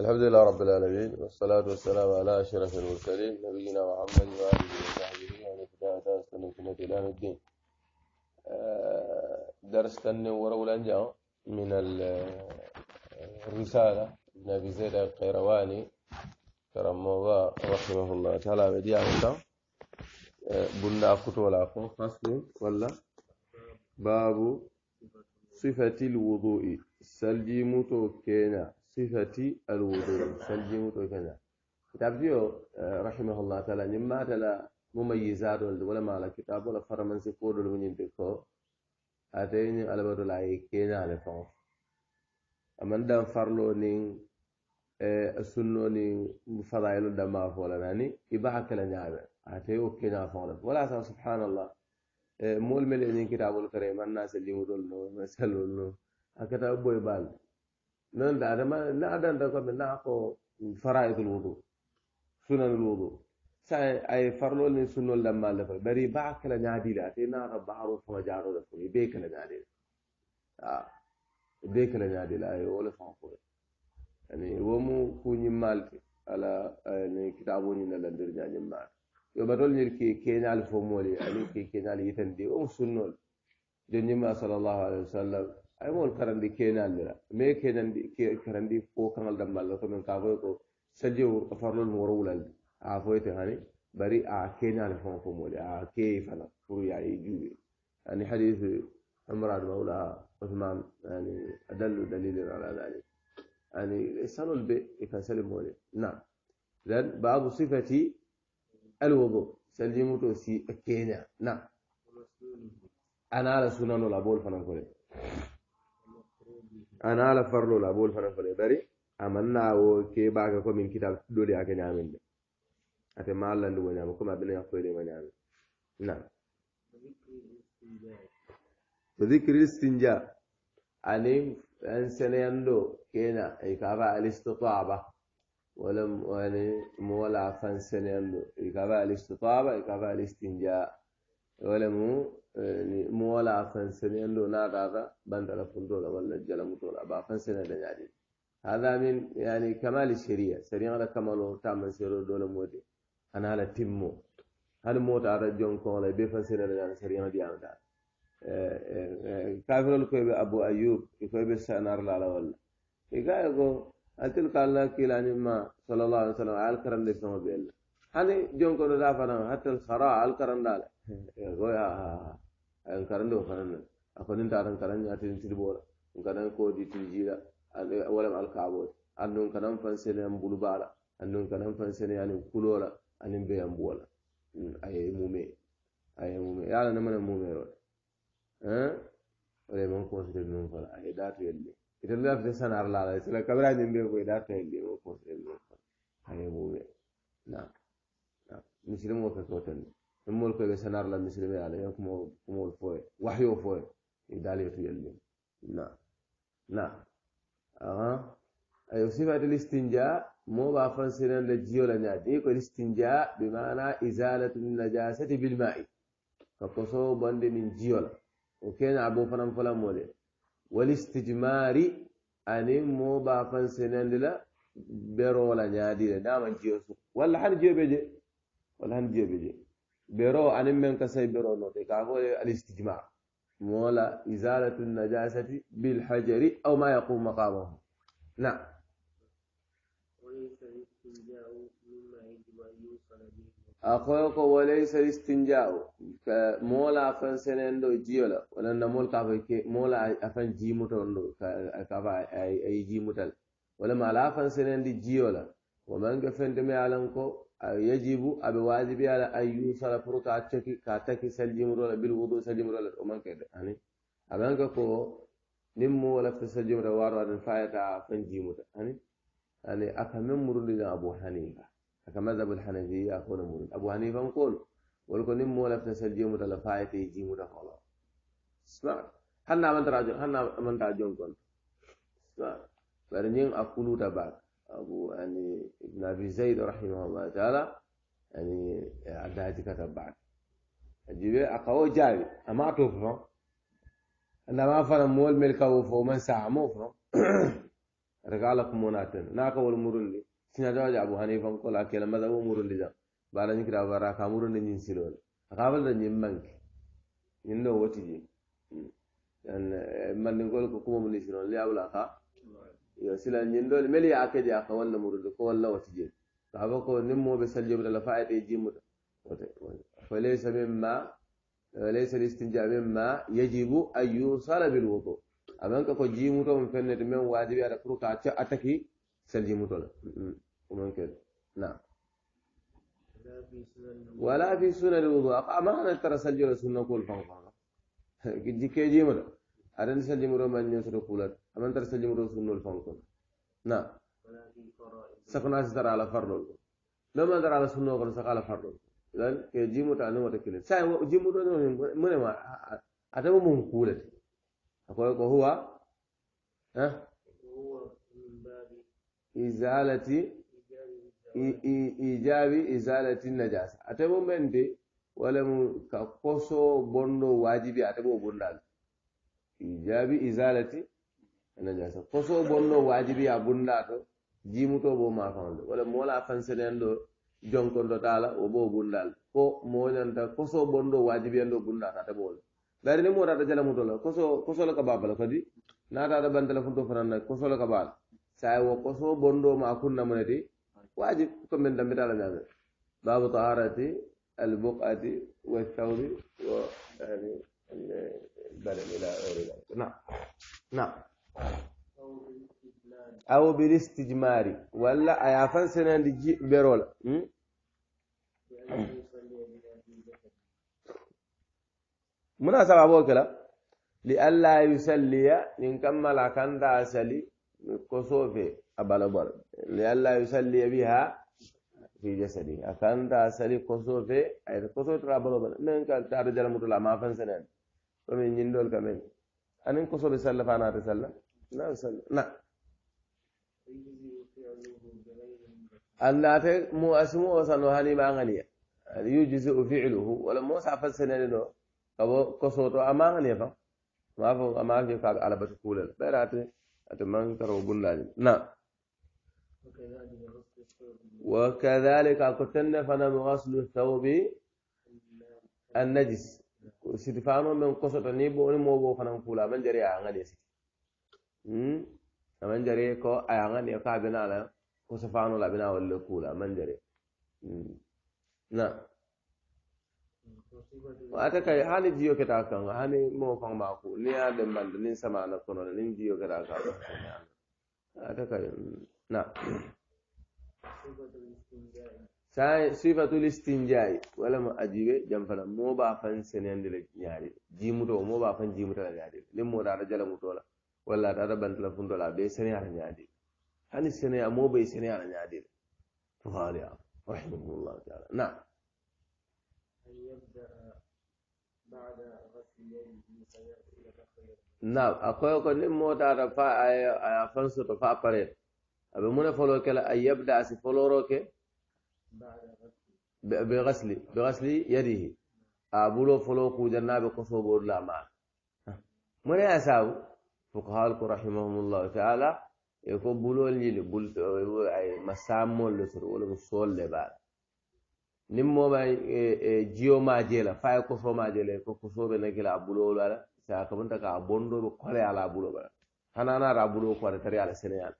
الحمد لله رب العالمين والصلاة والسلام على أشرف المرسلين نبينا محمد وآله وصحبه ومن اهتدى سنة إلى الدين آه، درس كان ورولنجا من الرسالة آه، ابن أبي زيد القيرواني كرم الله رحمه الله تعالى بديع بديعة آه، بنا ولا العقل فصل ولا باب صفة الوضوء سلجي متو كينا صفة الوضوء سنجيو تو كنا كتاب ديو رحمه الله تعالى نما تلا مميزات ولا ما كتاب ولا فرمان سيكور ولا من يمتلكو أتين على بدل أي كنا على فهم أمن دام فرلو نين السنة نين فضائل دم ما فولا ناني إباحة كلا نعمة أتيو كنا فهم ولا سبحان الله مول ملئ نين كتاب الكريم الناس اللي يقولون مسألون أكتب بوي بالد من بعد ما لا عندك من نعقو فرائض الوضوء سنن الوضوء ساي اي فرلو لي سنن لما لفر بري با كلا نادي لا تي نار بحر فما جارو لفر بي كلا نادي اه بي كلا نادي لا اي ولا فانكو يعني ومو كوني مالتي على يعني كتابوني نلندر جاني مال yo batol ñir ki keñal fo mooli ani ki keñal yitandi o sunnol jonnima sallallahu alaihi wasallam ايمول كرندي كينال لرا مي كيدن كي كرندي فو كانل دمبال لو كن كابو كو سجيو فارلون مورولال عفويت هاني بري ا آه، كينال فون فومولي ا آه، كي فلا فرو ياي جوي يعني حديث عمران مولا عثمان يعني ادل دليل على ذلك يعني سالوا البي يفسلم مولي نعم لان باب صفتي الوضوء سلمتو سي كينا نعم انا رسول الله بول فنان كوري ana la farlo la bol fana fole bari amanna wo ke baga ko min kitab dole aka nyamin de ate ma Allah ndu nyama kuma bin yakko de ma nyama na ذكر الاستنجاء عليم أن سنيندو كينا إكابا الاستطابة ولم يعني مولا فان سنيندو إكابا الاستطابة إكابا الاستنجاء ولم يعني مولا فنسني لو نادا هذا بند على فندولا ولا جل مطولا با فنسني دنيا هذا من يعني كمال الشريعة شريعة كمال تام سيرو دولا مودي أنا على تيمو هل موت على جون كون لا بفنسني دنيا شريعة دي عندها كافر الكويب أبو أيوب الكويب سنار لا لا ولا إيجايكو أنتل كالا كيلاني ما صلى الله عليه وسلم على الكرم لسنا بيلا هني جون كون دافنا حتى الخراء على الكرم داله A'a, an karando kanan akonin taran karan ya tin tilbora kanan ko di tinjira walam alkabot annun kanan fansene an bulbara annun kanan fansene an kulora anin be an bola hmm, aye mume aye mume ya na mana mume ro eh ole man ko sidir non fala aye datu yelle ita da ta sanar la la sila kabra jin be ko datu yelle ko sidir non fala aye mume na na muslimu ka ko tan الملك سنار للمسلمين عليهم يعني كمو كمو الفوي وحيو فوي يدالي في اللي نعم نعم اها ايو سيفا الاستنجاء مو بافان سنان لجيو لنادي كو الاستنجاء بمعنى ازالة النجاسة بالماء فقصو بند من جيو لا وكان عبو فنم فلا مولي والاستجمار اني يعني مو بافان سنان للا برو لنادي نعم جيو سو ولا حن جيو بيجي ولا حن جيو بيجي برو أنا من كسي برو نوتي كافو الاستجمار مولا إزالة النجاسة بالحجر أو ما يقوم مقامه نعم أخوك وليس الاستنجاء مولا أفن سنندو جيولا ولا نمول كافي مولا أفن جيموتون كافا أي جيموتال ولا ما لا أفن سنندي جيولا ومن كفنت مي علنكو يجب أبي واجب على أن يوصل فرط عتك كاتك سلجم رولا بالوضوء سلجم رولا وما كده يعني أبانك كو نمو ولا تسلجم روارا نفاية فنجيمو يعني يعني أكمل مرد أبو حنيفة كمذهب الحنفية أكون مرد أبو حنيفة نقول ولكن نمو ولا تسلجم رولا فاية يجيمو رولا اسمع هل نعمل تراجع هل نعمل تراجع كنت اسمع فرنين أقولو تباك أبو يعني ابن أبي زيد رحمه الله تعالى يعني عدها كتب بعد جيبي أقوى جاري أما أتوفر أنا ما فهم مول ملك أوفو من ساعة موفر رجع لك مناتن ناقة والمرلي سنة جاء أبو حنيفة قال أكيد لما ذا مرلي ذا بعد ذلك رأى برا كامور نجين سيلون أقابل رجيم منك يندو وتجي يعني من نقول كم من سيلون لي أقول لها يوصل النيلول ملي أكيد أخوان نمرد كون لا وتجيل فأبوكوا نمو بسال جبر لفائت يجيمود فليس مما ليس الاستنجاء مما يجب أن يوصل بالوضوء أمانك فجيمود من فنة من واجب على كروك أتى أتكي سال جيمود نعم ولا في سنة الوضوء أما أنا ترى سال جبر سنة كل فان فان كي جيمود أرن سال جيمود من يوصل aman tara salimuro sunnol fankon na sakona si tara ala farlol ko no man tara ala sunno kono saka ala farlol idan ke jimuta ani wata kilin sai jimuto ne mune ma atama mun kulati akwai ko huwa ha izalati ijabi izalati najasa atama men de walamu ka koso bondo wajibi atama bundal ijabi izalati najasa koso bonno wajibi ya bundato jimuto bo ma fande wala mola fansenen do jonkondo tala o bo bundal ko moñanta koso bonɗo wajibi en ɗo bunda tata bole dari ni motata jalamutola koso kosolo ka babala kadi natata bantala funto fananna kosolo ka bala saye wo koso bonɗo ma kunnamuneti wajib commen dambitala ñame babu taharati albukati walthawbi wa yani البلد الى غير ذلك نعم نعم أو بالاستجمار ولا أيافن سنان دي بيرول مناسبة أبوك لا لألا يسلي ينكمل أكان تأسلي كسوفي أبالبر لألا يسلي بها في جسدي أكان تأسلي كسوفي أي كسوفي أبالبر من كان تارجل مطلع ما فنسنان ومن يندول كمين أن نقص بسلة فأنا أتسلى لا بسلة نعم أن مو أسمو وصنو هاني ما غنية يجزئ فعله ولا مو سافل سنة لنو أبو كسوتو أما غنية فا ما فو أما في كاك على بتقول بيرات أتمنى كرو بولا نعم وكذلك أكتن فنم غسل الثوب النجس siti faano men kosoto ni bo ni mobo fanan kula man jare a ngale siti hmm man jare ko a ngane ka bina la ko so faano la bina wala kula man jare na ata kay hani jiyo keta kan hani mo fang ma ko ni a de man ni sama na kono ni jiyo keta kan ata kay na sifatu listinjai walama ajibe jamfana mo ba fan senende le nyaade jimuto mo ba fan jimuta la nyaade le mo dara jala mutola walla dara bantala fundola be seneyala nyaade hani seneya mo be seneyala nyaade fuqariya rahimahullah ta'ala na'am na'am akoy ko le mo dara fa ay afanso to fa pare abe mo ne folo kala ay yabda si foloro ke بغسل بغسل يده أبولو فلو كوجنا بقصو بور ما من يساو فقهاء رحمهم الله تعالى يكون بولو اللي بول أي مسامول لتر ولا مسول لبال نمو ما جيو ما جيلا فاي قصو ما جيلا يكون قصو بنكلا أبولو ولا سأكمن تكا أبوندو بقلي على أبولو بلا هنا أنا رابولو تري على سنيان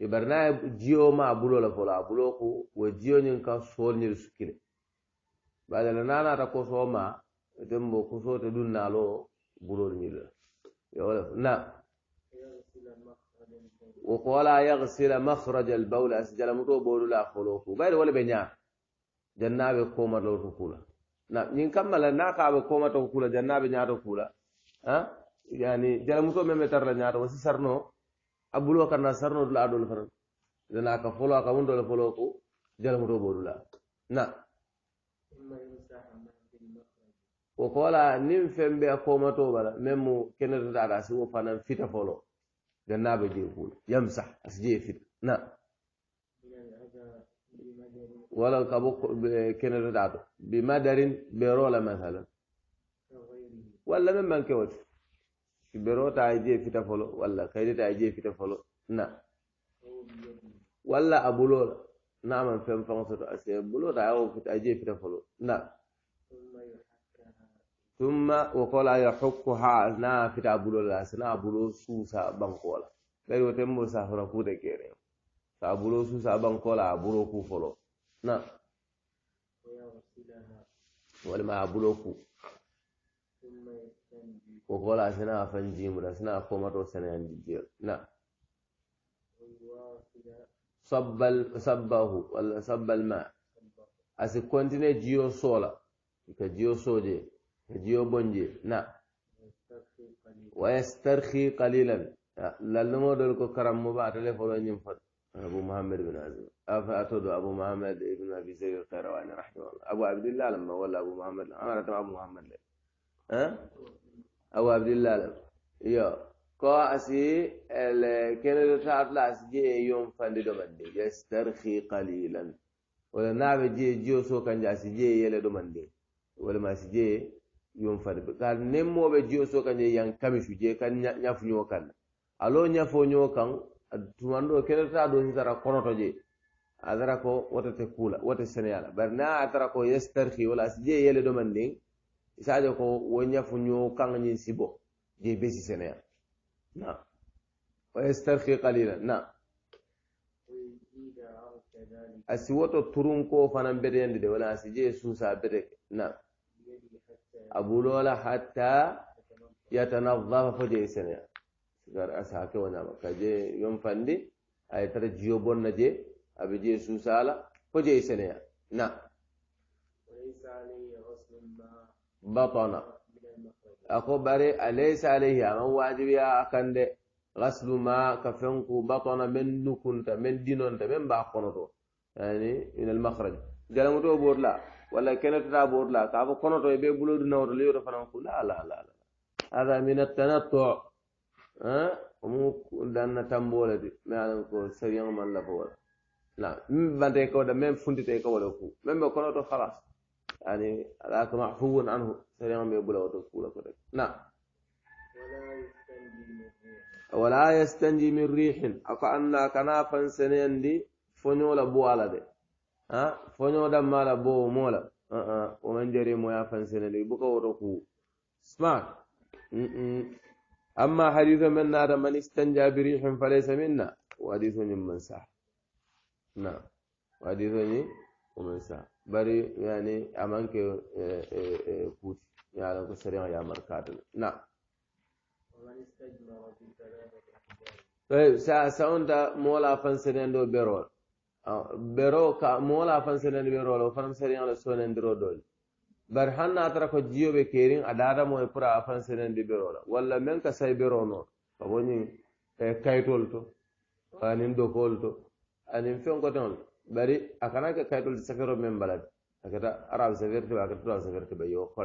e bari n'a ye jiyo ma a bulo la fɔlɔ a bulo ko wo jiyo nin ka sool nin su kile bari la n'a nata kosɔn ma o tɛ mɔ kosɔn tɛ dun naalo bulo nin la yɔrɔ la na o ko ala yagsila makhraja albawla asijala muto bolu la fɔlɔ ko bari wala bɛ ɲa janna bɛ koma dɔ ko kula na nin kammala n'a ka bɛ koma dɔ ko kula janna bɛ ɲa dɔ kula ha yani jalamuso min bɛ tara la ɲa dɔ wasi sarno abulo kana sarno dula adol faran dana ka folo ka wundo le folo ko jala muto bodula na wo kola nim fembe ko mato bala memu kenata da si wo fana fita folo ganna be je kula yamsa je fit na wala ka bo kenata da bi madarin be rola masalan wala memman ke kiberota aje fita folo walla kaydeta aje fita folo na walla a bulola naman fen fan soto ase bulota awo fita aje fita folo na tumma wo kola yahukku ha na fita a bulola ase na bulo suusa bankola ɓayi wo tembo safara kuuta kene sa bulo suusa bankola a bulo ku folo na walima a bulo ku ثم يستنجي kokola sana afan jimura sana koma to sana yan jiyo na sabbal sabbahu wala sabbal ma asi kontine jiyo sola ka jiyo soje ka jiyo bonje na ويسترخي قليلا للمو دول كو كرام مبا تليفون نيم فات ابو محمد بن عزيز اف اتو ابو محمد ابن ابي زيد القيرواني رحمه الله ابو عبد الله لما ولا ابو محمد انا رتم ابو محمد ها أه؟ abu abdillah lam yo ko asi kenedo taatula asi jeye yom fande ɗomande yastarhi qalilan wala naɓe jeye jiyo so kanje asi jeye yele ɗomande wala ma asi jeye yom fande ka nemmoɓe jiyo so kanje yan kamisu jeye kan ñafuño kan alo ñafoño kan tumanɗo kenedo ta ɗo sitara konoto je a tara ko watate kuula wate seneyala bari na a tara ko yastarhi wala asi jeye yele ɗomanden isaade ko wo ñafuñoo kaŋ ñiŋ sibo je be si seneya na wa yastarki kalila na a siwoto turunkoo fanaŋ beteyandi de walaŋ a si jee suusa bete ke na a buloola hatta yatanadafa fo jee seneya sigar a saa ke wo ñaama ka jee yonfandi a ye tara jiyo bonna je a be jee suusa la fo jee seneya na بطن أكو بري أليس عليه أما واجب يا أكند غسل ما كفنك بطن من نكنت من دينونت من باقنتو يعني من المخرج جلمتو بورلا ولا كانت تا بورلا كابو كنتو يبي بلود نور ليور فنانكو لا لا لا لا هذا من التنطع ها مو دان تامبولا دي ما كو سريان من لا بولا لا من بانتي كو دا ميم فونتي كو ولا كو ميم كنتو خلاص يعني ذاك معفو عنه سليمان يقول وتقول كذلك نعم ولا يستنجي من ريح أكو أن كنا فنسنين دي فنيو لبو على دي ها فنيو دم على بو مولا أه ومن جري مويا فنسنين دي بكو ورقو سمعت أما حديث من نار من استنجى بريح فليس منا وحديث من صح نعم وحديث ومن سا بري يعني أمانك كوت يعني كو سريع يا مركاد نعم طيب سا ساوندا مولا فنسرين دو بيرول بيرو كا مولا فنسرين بيرول وفرم سريع لسونين درو دول bari han natara ko jiyoɓe kerin a dadamoye pour a fansenendi berola walla min ka say bero noon ka boñin e kaytol to anin dokol to anin fenkotol bari akana kana ka kaytol safiro men balad akata arab safir ba akata tubabu safirti ba yo ta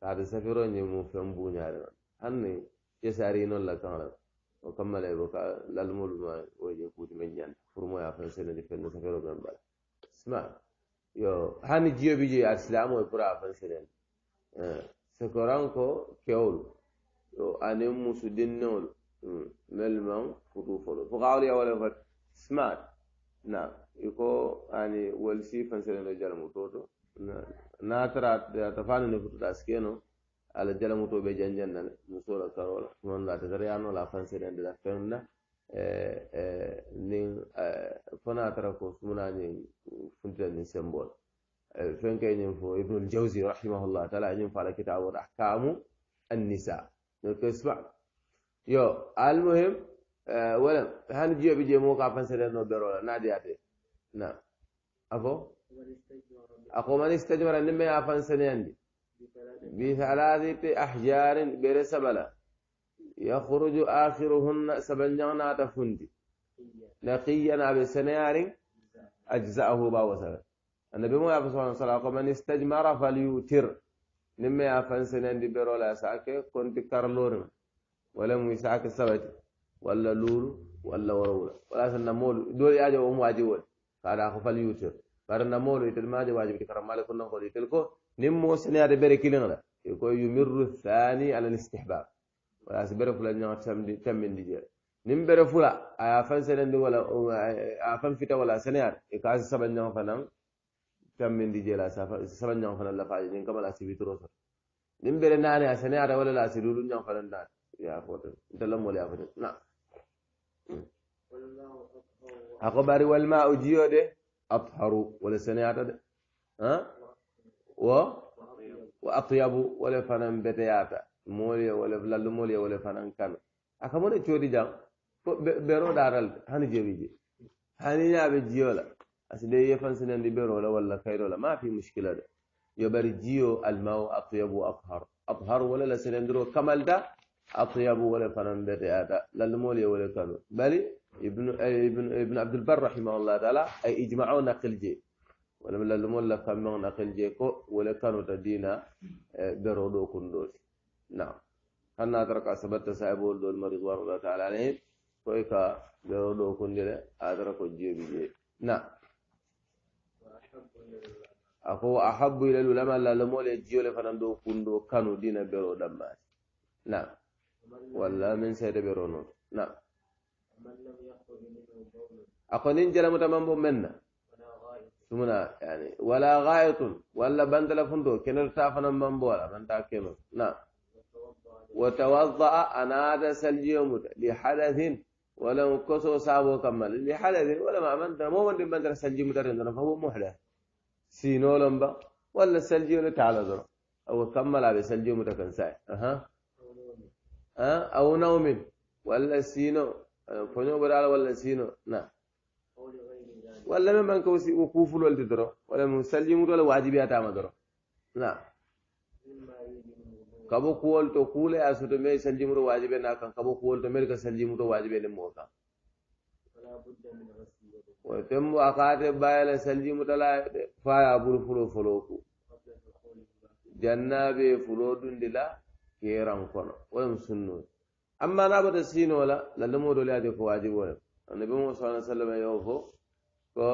kaata safiro ñi mu fen buñaade man ye sari noon la kaŋ o kamale bo ka lal mul ma o woje kuuti men nyan ñanta furmoya sen senedi fenne safiro men bala sma yo hani jiyo bi jee pura e sen eh fen koran ko kewolu yo ane musu dinneolu mel man futu folo fo kawol wala fat smart naam iko ani wolsi fansereno jalamuto to na tara tafano ne fututa sikeno ala jalamuto ɓe janjannane musola karola non lata tara yanola fanserende la fenna nin fona tara ko sumunani funtita nin sembol fenke ñin fo ibnul jawsi rahimahullah taala ñin fala kitabul ahkamu annisa donc isma yo almuhim wala hani jiyoɓe je mo ka fansereno berola nadiyate نعم أفو أقو من استجمر نما يافن سنياندي بثلاثة أحجار برسبلة يخرج آخرهن سبنجانا تفندي نقيا أبي نعم سنيار أجزأه باوسلا النبي مو يافن سبحانه وتعالى أقو من استجمر فليوتر نما يافن سنياندي برولا ساكي كنت كارلورم ولم يساك سبتي ولا لولو ولا ورولا ولا سنمول دول ياجو أمو أجيول kada ko fal yusuf bar na molo itel maade wajibi ki karam mala kunnan ko itel ko nim mo senade bere kilin la ko yumirru thani ala al istihbab wala si bere fula nyaa tamdi tammindi je nim bere fula aya fan senande wala a fan fita wala senade e ka saban nyaa fanan tammindi je la saban nyaa fanan la faaji nin kamala si bitro so nim bere nane a senade wala la si dudu nyaa fanan da ya foto dalam wala ya foto na أخبار والماء جيودة أطهر ولا سنيات ها و وأطيب ولا فنان بتياتا مولي ولا فلال مولي ولا فنان كان أخبار تودي جام بيرو دارل هني جيبيجي هني نابي جيولا أسدي يفن سنن دي بيرو ولا خير ولا ما في مشكلة ده يبرجيو الماء أطيب وأطهر أطهر ولا لسنن درو كمال ده أطيب ولا كان بالريادة للمولي ولا كانوا بل ابن ابن ابن عبد البر رحمه الله تعالى أي إجمعوا نقل جي ولا ولم للمول كان من نقل كو ولا كانوا تدينا آه، برودو كندوت نعم هنا ترك سبت سايبول ولد المريض الله تعالى عليهم كويكا برودو كندل أدركوا جي بجي نعم أخو أحب إلى العلماء لا لمول يجيو فنان دو كندو كانوا دينا برودو نعم ولا من سيد بيرونو نعم أقول إن جل متمم منا سمنا يعني ولا غاية ولا بند لفندو كنر تافنا من بولا من تاكيم نعم وتوضأ أنا هذا سلجيوم لحدث ولو كسو سابو كمل لحدث ولا ما من مو من بند سلجيوم ترندنا فهو محدث سينولم با ولا سلجيوم تعالى ذرا أو كمل على سلجيوم تكنساي أها أو نوم ولا سينو فنو برا ولا سينو نعم ولا من كوسي وقوف ولا تدرو ولا مسلم ولا واجبات ما درو نعم kabo kuwol to kuule a soto mai saljimuto waajibe na kan kabo kuwol to mel ka saljimuto waajibe le moo kan wo fembo a kaate bayala saljimutala faya buru fulo folo ku jannaɓe fulo dundi la كيران كون وين سنو أما نابد السين ولا للمو دولي هذه فواجب وين النبي محمد صلى الله عليه وسلم يوفو كو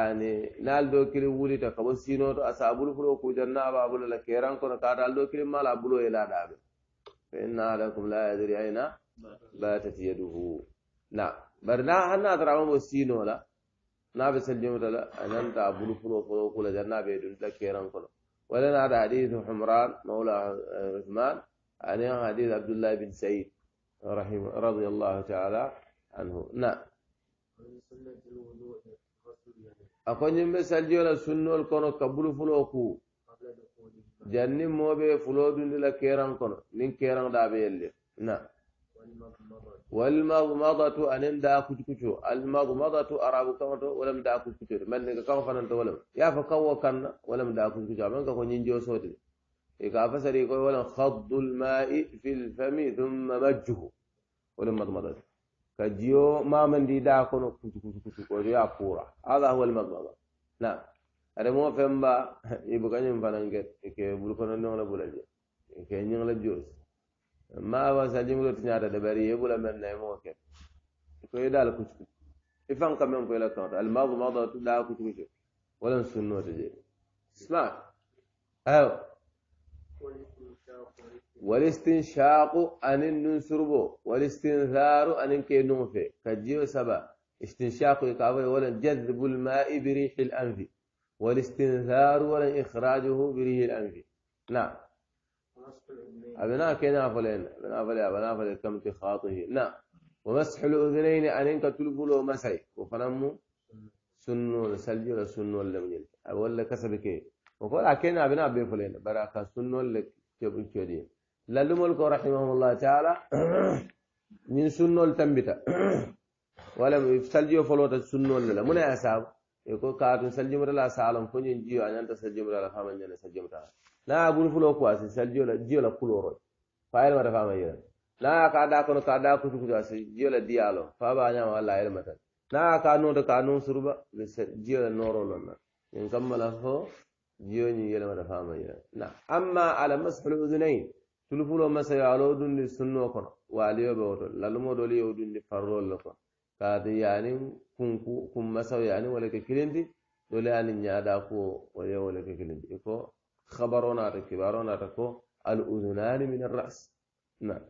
أني نال دو كيلو ولي تكبو سينو تو أسابول فلو كوجرنا أبابول لا كيران كون كارال دو كيلو مال أبولو إلى دابي فإن عليكم لا يدري أين باتت يده نعم برنا هنا ترى مو سينو لا نابي سلم ولا أن أنت أبولو فلو كوجرنا بيدو لا كيران كون ولنا هذا حديث عمران مولى عثمان أنا حديث عبد الله بن سعيد رحمه رضي الله تعالى عنه نعم أكون مثال جولا سنة الكون قبل فلوكو جاني موبي فلو دون لا كيران كون نين كيران دا يلي نعم والمضمضة أنم دا كتكتو المضمضة أراب كمتو ولم دا كتكتو من كم فننت ولم يا فكو كنا ولم دا كتكتو من كون ينجو صوتي يقافسر يقول ولا خض الماء في الفم ثم مجه ولما مضمضت كجيو ما من دي داكن ويا كورا هذا هو المضمضة نعم هذا مو فهم با يبقى نيم فانغت كي بولكون نون لا بولا جي كي نين لا جوس ما با سادي مو تنيا دا دبري يبولا من ناي مو كيت كوي دال كوت كوت يفان كاميون كوي لا كوت المضمضة داكو والاستنشاق أن ننسربو والاستنثار أن كي نغفي كجيو سبا استنشاق يقابل ولا جذب الماء بريح الأنف والاستنثار ولا إخراجه بريح الأنف نعم أبناء كنا فلين أبناء فلين أبناء فلين كم تخاطه نعم ومسح الأذنين أن كتلبلو مسعي وفنمو سنو سلجي ولا سنو ولا مجل ولا كسبك وقول أكينا نعم بنا بفلين براك سنة لكتب كدي للم الكو رحمه الله تعالى من سنة التنبتة ولم سلجي فلوت سنة للا من أساب يقول كاتن سلجي مرلا سالم فنين جيو أن أنت سلجي مرلا فامن جنة سلجي مرلا لا أقول فلو كواسي سلجي ولا جيو لا كل ورد فايل مرة فامن جنة لا كادا كنو كادا كتو كتو أسي جيو لا ديالو فابا نعم الله علمتك لا كانو تكانو سربا جيو لا نورو لنا إن كمل هو نيوني يلا ما تفهم يلا نعم أما على مسح الأذنين تلفوا ما سيعلو دون دي سنو كنا وعليو بوتو للمو دولي يودون دي فرول لكنا كادي يعني كم كن مسا يعني ولا دي دولي يعني نيادا كو ولا ولا دي إكو خبرونا تكبارونا ركوا الأذنان من الرأس نعم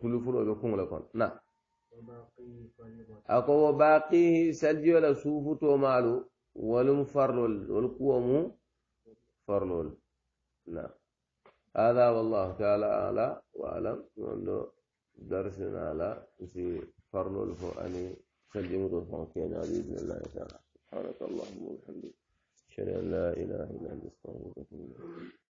تلفلو بكم لكنا نعم أكو باقيه سجل سوفو تو مالو ولم فرلول والقوم فرلول نعم هذا والله تعالى أعلى وأعلم منذ درسنا على في فرلول فأني سلمت على بإذن الله تعالى سبحانك اللهم وبحمدك أشهد أن لا إله إلا أنت أستغفرك